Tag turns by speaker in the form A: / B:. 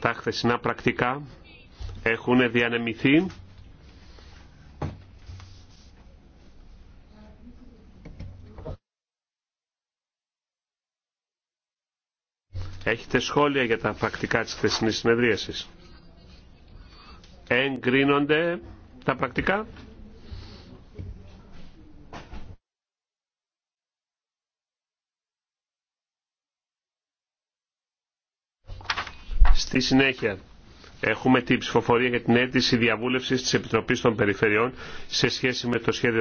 A: Τα χθεσινά πρακτικά έχουν διανεμηθεί. Έχετε σχόλια για τα πρακτικά της χθεσινής συνεδρίασης. Εγκρίνονται τα πρακτικά. Στη συνέχεια έχουμε την ψηφοφορία για την αίτηση διαβούλευσης της Επιτροπής των Περιφερειών σε σχέση με το σχέδιο